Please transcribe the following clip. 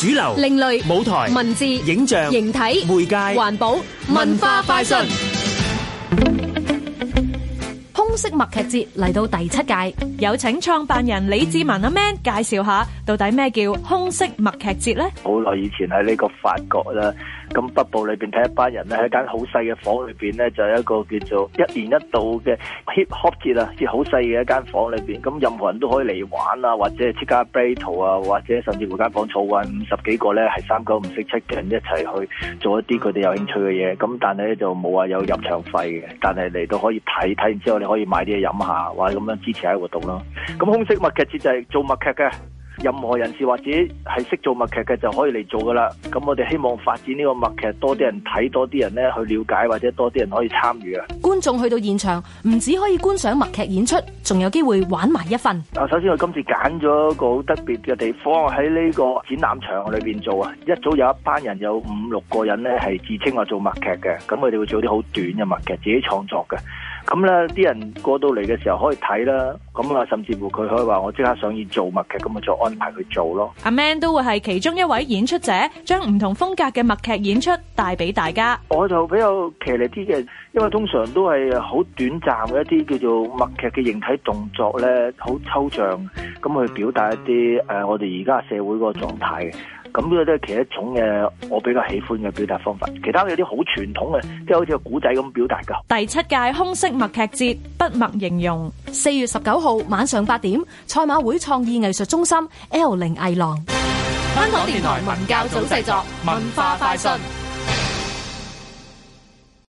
主流、另類、舞台、文字、影像、形體、媒介、環保、文化、快訊、通識。默劇節嚟到第七屆，有請創辦人李志文阿、啊、Man 介紹下到底咩叫空色默劇節咧？好耐以前喺呢個法國啦，咁北部裏邊睇一班人咧喺間好細嘅房裏邊咧，就有、是、一個叫做一年一度嘅 Hip Hop 節啊，即好細嘅一間房間裏邊，咁任何人都可以嚟玩啊，或者係即刻 battle 啊，或者甚至乎間房坐温五十幾個咧係三九唔識七嘅人一齊去做一啲佢哋有興趣嘅嘢，咁但係咧就冇話有，有入場費嘅，但係嚟到可以睇，睇完之後你可以買嘢飲下，或者咁樣支持下活動咯。咁空色默劇節就係做默劇嘅，任何人士或者係識做默劇嘅就可以嚟做噶啦。咁我哋希望發展呢個默劇，多啲人睇，多啲人咧去了解，或者多啲人可以參與啊。觀眾去到現場，唔止可以觀賞默劇演出，仲有機會玩埋一份。啊，首先我今次揀咗一個好特別嘅地方喺呢個展覽場裏邊做啊。一早有一班人有五六個人咧，係自稱話做默劇嘅，咁佢哋會做啲好短嘅默劇，自己創作嘅。咁啦，啲人過到嚟嘅時候可以睇啦，咁啊，甚至乎佢可以話我即刻想要做默劇，咁啊再安排佢做咯。阿 Man 都會係其中一位演出者，將唔同風格嘅默劇演出帶俾大家。我就比較騎呢啲嘅，因為通常都係好短暫嘅一啲叫做默劇嘅形體動作咧，好抽象，咁去表達一啲誒，我哋而家社會個狀態嘅。咁呢個都係其中一種嘅我比較喜歡嘅表達方法，其他有啲好傳統嘅，即係好似個古仔咁表達噶。第七屆空式默劇節不默形容，四月十九號晚上八點，賽馬會創意藝術中心 L 零藝廊。香港電台文教組製作，文化快訊。